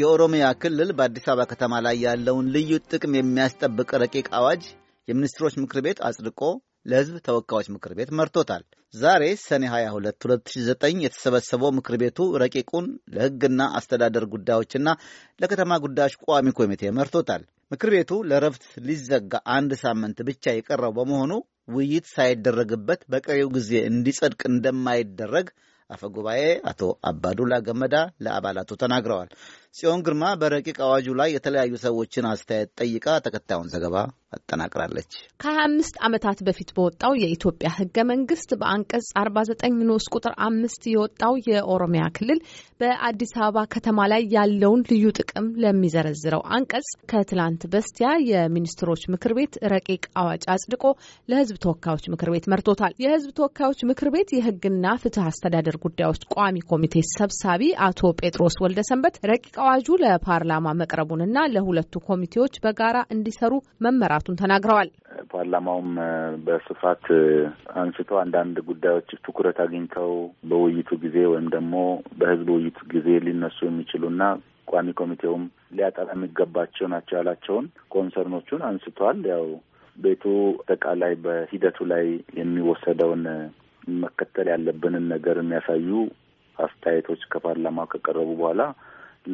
የኦሮሚያ ክልል በአዲስ አበባ ከተማ ላይ ያለውን ልዩ ጥቅም የሚያስጠብቅ ረቂቅ አዋጅ የሚኒስትሮች ምክር ቤት አጽድቆ ለሕዝብ ተወካዮች ምክር ቤት መርቶታል። ዛሬ ሰኔ 22 2009 የተሰበሰበው ምክር ቤቱ ረቂቁን ለሕግና አስተዳደር ጉዳዮችና ለከተማ ጉዳዮች ቋሚ ኮሚቴ መርቶታል። ምክር ቤቱ ለረፍት ሊዘጋ አንድ ሳምንት ብቻ የቀረው በመሆኑ ውይይት ሳይደረግበት በቀሪው ጊዜ እንዲጸድቅ እንደማይደረግ አፈጉባኤ አቶ አባዱላ ገመዳ ለአባላቱ ተናግረዋል። ጽዮን ግርማ በረቂቅ አዋጁ ላይ የተለያዩ ሰዎችን አስተያየት ጠይቃ ተከታዩን ዘገባ አጠናቅራለች። ከሀያ አምስት ዓመታት በፊት በወጣው የኢትዮጵያ ህገ መንግስት በአንቀጽ አርባ ዘጠኝ ንዑስ ቁጥር አምስት የወጣው የኦሮሚያ ክልል በአዲስ አበባ ከተማ ላይ ያለውን ልዩ ጥቅም ለሚዘረዝረው አንቀጽ ከትላንት በስቲያ የሚኒስትሮች ምክር ቤት ረቂቅ አዋጅ አጽድቆ ለህዝብ ተወካዮች ምክር ቤት መርቶታል። የህዝብ ተወካዮች ምክር ቤት የህግና ፍትህ አስተዳደር ጉዳዮች ቋሚ ኮሚቴ ሰብሳቢ አቶ ጴጥሮስ ወልደ ሰንበት ረቂቅ አዋጁ ለፓርላማ መቅረቡንና ለሁለቱ ኮሚቴዎች በጋራ እንዲሰሩ መመራቱ መነሳቱን ተናግረዋል። ፓርላማውም በስፋት አንስቶ አንዳንድ ጉዳዮች ትኩረት አግኝተው በውይይቱ ጊዜ ወይም ደግሞ በህዝብ ውይይቱ ጊዜ ሊነሱ የሚችሉና ቋሚ ኮሚቴውም ሊያጠራ የሚገባቸው ናቸው ያላቸውን ኮንሰርኖቹን አንስቷል። ያው ቤቱ አጠቃላይ በሂደቱ ላይ የሚወሰደውን መከተል ያለብንን ነገር የሚያሳዩ አስተያየቶች ከፓርላማው ከቀረቡ በኋላ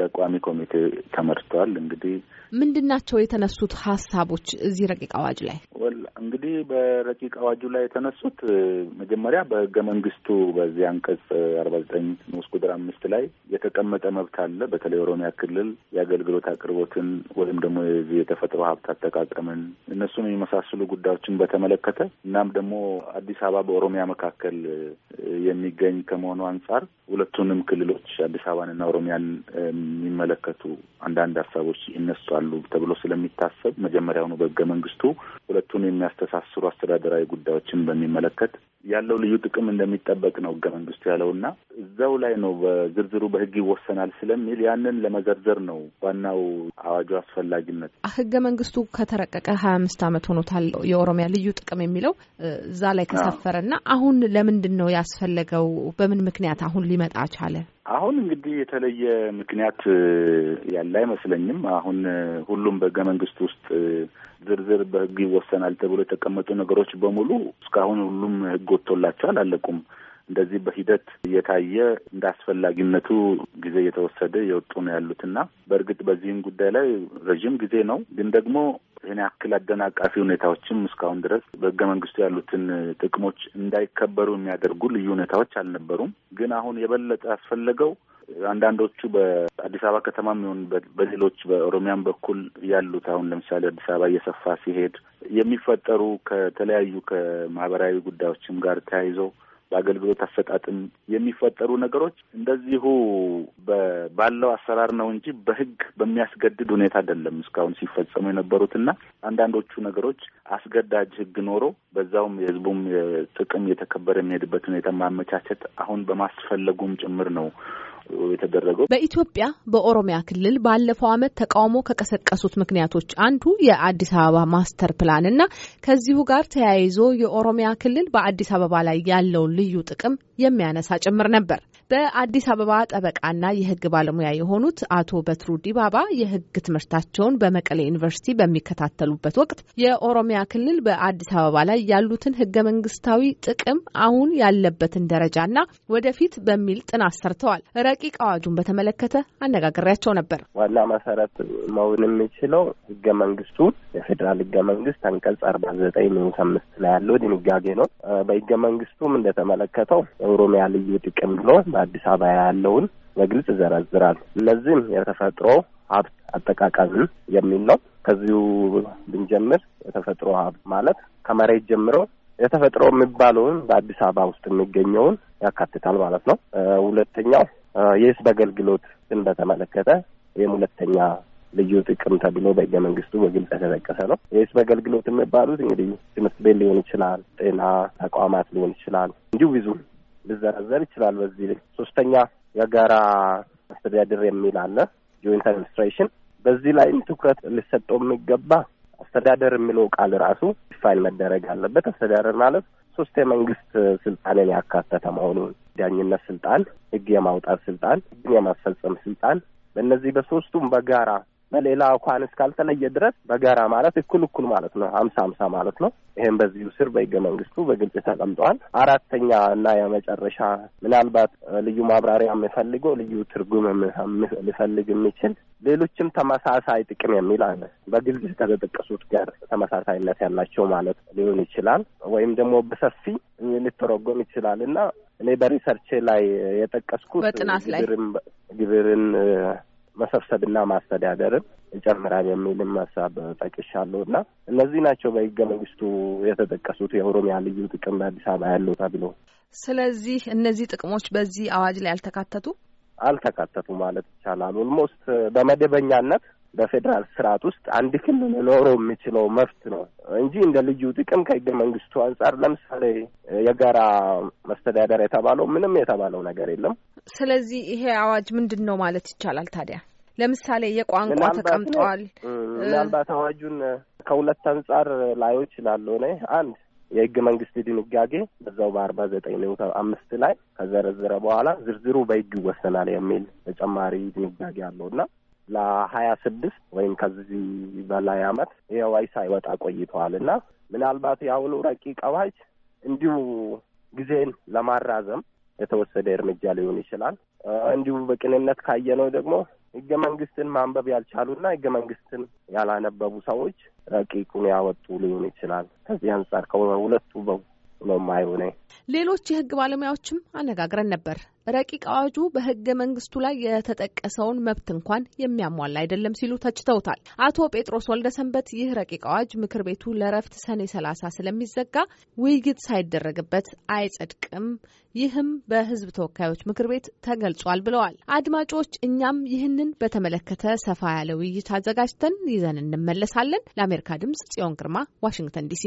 ለቋሚ ኮሚቴ ተመርቷል። እንግዲህ ምንድን ናቸው የተነሱት ሀሳቦች እዚህ ረቂቅ አዋጅ ላይ? እንግዲህ በረቂቅ አዋጁ ላይ የተነሱት መጀመሪያ በህገ መንግስቱ በዚህ አንቀጽ አርባ ዘጠኝ ንዑስ ቁጥር አምስት ላይ የተቀመጠ መብት አለ። በተለይ ኦሮሚያ ክልል የአገልግሎት አቅርቦትን ወይም ደግሞ የዚህ የተፈጥሮ ሀብት አጠቃቀምን እነሱን የመሳሰሉ ጉዳዮችን በተመለከተ እናም ደግሞ አዲስ አበባ በኦሮሚያ መካከል የሚገኝ ከመሆኑ አንጻር ሁለቱንም ክልሎች አዲስ አበባንና ኦሮሚያን የሚመለከቱ አንዳንድ ሀሳቦች ይነሳሉ ተብሎ ስለሚታሰብ መጀመሪያውኑ በህገ መንግስቱ ሁለቱን የሚያስተሳስሩ አስተዳደራዊ ጉዳዮችን በሚመለከት ያለው ልዩ ጥቅም እንደሚጠበቅ ነው ህገ መንግስቱ እና እዛው ላይ ነው በዝርዝሩ በህግ ይወሰናል ስለሚል ያንን ለመዘርዘር ነው ዋናው አዋጁ አስፈላጊነት። ህገ መንግስቱ ከተረቀቀ ሀያ አምስት ዓመት ሆኖታል። የኦሮሚያ ልዩ ጥቅም የሚለው እዛ ላይ ከሰፈረ እና አሁን ለምንድን ነው ያስፈለገው? በምን ምክንያት አሁን ሊመጣ ቻለ? አሁን እንግዲህ የተለየ ምክንያት ያለ አይመስለኝም። አሁን ሁሉም በህገ መንግስት ውስጥ ዝርዝር በህግ ይወሰናል ተብሎ የተቀመጡ ነገሮች በሙሉ እስካሁን ሁሉም ህግ ወጥቶላቸው አላለቁም። እንደዚህ በሂደት እየታየ እንደ አስፈላጊነቱ ጊዜ እየተወሰደ የወጡ ነው ያሉትና በእርግጥ በዚህም ጉዳይ ላይ ረዥም ጊዜ ነው ግን ደግሞ ይህን ያክል አደናቃፊ ሁኔታዎችም እስካሁን ድረስ በህገ መንግስቱ ያሉትን ጥቅሞች እንዳይከበሩ የሚያደርጉ ልዩ ሁኔታዎች አልነበሩም። ግን አሁን የበለጠ ያስፈለገው አንዳንዶቹ በአዲስ አበባ ከተማ የሚሆን በሌሎች በኦሮሚያም በኩል ያሉት አሁን ለምሳሌ አዲስ አበባ እየሰፋ ሲሄድ የሚፈጠሩ ከተለያዩ ከማህበራዊ ጉዳዮችም ጋር ተያይዘው በአገልግሎት አሰጣጥም የሚፈጠሩ ነገሮች እንደዚሁ ባለው አሰራር ነው እንጂ በህግ በሚያስገድድ ሁኔታ አይደለም እስካሁን ሲፈጸሙ የነበሩትና አንዳንዶቹ ነገሮች አስገዳጅ ህግ ኖሮ በዛውም የህዝቡም ጥቅም እየተከበረ የሚሄድበት ሁኔታ ማመቻቸት አሁን በማስፈለጉም ጭምር ነው የተደረገው። በኢትዮጵያ በኦሮሚያ ክልል ባለፈው ዓመት ተቃውሞ ከቀሰቀሱት ምክንያቶች አንዱ የአዲስ አበባ ማስተር ፕላን እና ከዚሁ ጋር ተያይዞ የኦሮሚያ ክልል በአዲስ አበባ ላይ ያለውን ልዩ ጥቅም የሚያነሳ ጭምር ነበር። በአዲስ አበባ ጠበቃና የሕግ ባለሙያ የሆኑት አቶ በትሩ ዲባባ የሕግ ትምህርታቸውን በመቀሌ ዩኒቨርሲቲ በሚከታተሉበት ወቅት የኦሮሚያ ክልል በአዲስ አበባ ላይ ያሉትን ሕገ መንግስታዊ ጥቅም፣ አሁን ያለበትን ደረጃና ወደፊት በሚል ጥናት ሰርተዋል። ረቂቅ አዋጁን በተመለከተ አነጋግሬያቸው ነበር። ዋና መሰረት መሆን የሚችለው ሕገ መንግስቱ የፌዴራል ሕገ መንግስት አንቀጽ አርባ ዘጠኝ ንዑስ አምስት ላይ ያለው ድንጋጌ ነው። በሕገ መንግስቱም እንደተመለከተው የኦሮሚያ ልዩ ጥቅም ብሎ አዲስ አበባ ያለውን በግልጽ ይዘረዝራል። ለዚህም የተፈጥሮ ሀብት አጠቃቀምን የሚል ነው። ከዚሁ ብንጀምር የተፈጥሮ ሀብት ማለት ከመሬት ጀምሮ የተፈጥሮ የሚባለውን በአዲስ አበባ ውስጥ የሚገኘውን ያካትታል ማለት ነው። ሁለተኛው የህዝብ አገልግሎትን በተመለከተ ይህም ሁለተኛ ልዩ ጥቅም ተብሎ በህገ መንግስቱ በግልጽ የተጠቀሰ ነው። የህዝብ አገልግሎት የሚባሉት እንግዲህ ትምህርት ቤት ሊሆን ይችላል፣ ጤና ተቋማት ሊሆን ይችላል፣ እንዲሁ ብዙ ሊዘረዘር ይችላል። በዚህ ላይ ሶስተኛ የጋራ አስተዳደር የሚል አለ፣ ጆይንት አድሚኒስትሬሽን። በዚህ ላይም ትኩረት ሊሰጠው የሚገባ አስተዳደር የሚለው ቃል ራሱ ፋይል መደረግ አለበት። አስተዳደር ማለት ሶስት የመንግስት ስልጣንን ያካተተ መሆኑን ዳኝነት ስልጣን፣ ህግ የማውጣት ስልጣን፣ ህግን የማስፈጸም ስልጣን በእነዚህ በሶስቱም በጋራ በሌላ አኳን እስካልተለየ ድረስ በጋራ ማለት እኩል እኩል ማለት ነው፣ ሀምሳ ሀምሳ ማለት ነው። ይህም በዚሁ ስር በህገ መንግስቱ በግልጽ ተቀምጠዋል። አራተኛ እና የመጨረሻ ምናልባት ልዩ ማብራሪያ የሚፈልገው ልዩ ትርጉም ሊፈልግ የሚችል ሌሎችም ተመሳሳይ ጥቅም የሚል አለ። በግልጽ ከተጠቀሱት ጋር ተመሳሳይነት ያላቸው ማለት ሊሆን ይችላል ወይም ደግሞ በሰፊ ሊተረጎም ይችላል እና እኔ በሪሰርቼ ላይ የጠቀስኩት ግብርን መሰብሰብና ማስተዳደርን ይጨምራል የሚልም ሀሳብ ጠቅሻለሁ እና እነዚህ ናቸው በህገ መንግስቱ የተጠቀሱት የኦሮሚያ ልዩ ጥቅም በአዲስ አበባ ያለው ተብሎ። ስለዚህ እነዚህ ጥቅሞች በዚህ አዋጅ ላይ አልተካተቱ አልተካተቱ ማለት ይቻላል ኦልሞስት በመደበኛነት በፌዴራል ስርዓት ውስጥ አንድ ክልል ሊኖረው የሚችለው መብት ነው እንጂ እንደ ልዩ ጥቅም ከህገ መንግስቱ አንጻር ለምሳሌ የጋራ መስተዳደር የተባለው ምንም የተባለው ነገር የለም። ስለዚህ ይሄ አዋጅ ምንድን ነው ማለት ይቻላል ታዲያ? ለምሳሌ የቋንቋ ተቀምጠዋል። ምናልባት አዋጁን ከሁለት አንጻር ላዩ ይችላሉ። እኔ አንድ የህገ መንግስት ድንጋጌ በዛው በአርባ ዘጠኝ ንዑስ አምስት ላይ ከዘረዘረ በኋላ ዝርዝሩ በህግ ይወሰናል የሚል ተጨማሪ ድንጋጌ አለው እና ለሀያ ስድስት ወይም ከዚህ በላይ አመት ይኸዋይ ሳይወጣ ቆይተዋል እና ምናልባት የአሁኑ ረቂቅ አዋጅ እንዲሁ ጊዜን ለማራዘም የተወሰደ እርምጃ ሊሆን ይችላል። እንዲሁ በቅንነት ካየነው ደግሞ ህገ መንግስትን ማንበብ ያልቻሉና ህገ መንግስትን ያላነበቡ ሰዎች ረቂቁን ያወጡ ሊሆን ይችላል። ከዚህ አንጻር ከሁለቱ ነው የማየው እኔ። ሌሎች የህግ ባለሙያዎችም አነጋግረን ነበር። ረቂቅ አዋጁ በህገ መንግስቱ ላይ የተጠቀሰውን መብት እንኳን የሚያሟላ አይደለም ሲሉ ተችተውታል። አቶ ጴጥሮስ ወልደሰንበት ይህ ረቂቅ አዋጅ ምክር ቤቱ ለረፍት ሰኔ ሰላሳ ስለሚዘጋ ውይይት ሳይደረግበት አይጸድቅም፣ ይህም በህዝብ ተወካዮች ምክር ቤት ተገልጿል ብለዋል። አድማጮች፣ እኛም ይህንን በተመለከተ ሰፋ ያለ ውይይት አዘጋጅተን ይዘን እንመለሳለን። ለአሜሪካ ድምጽ ጽዮን ግርማ ዋሽንግተን ዲሲ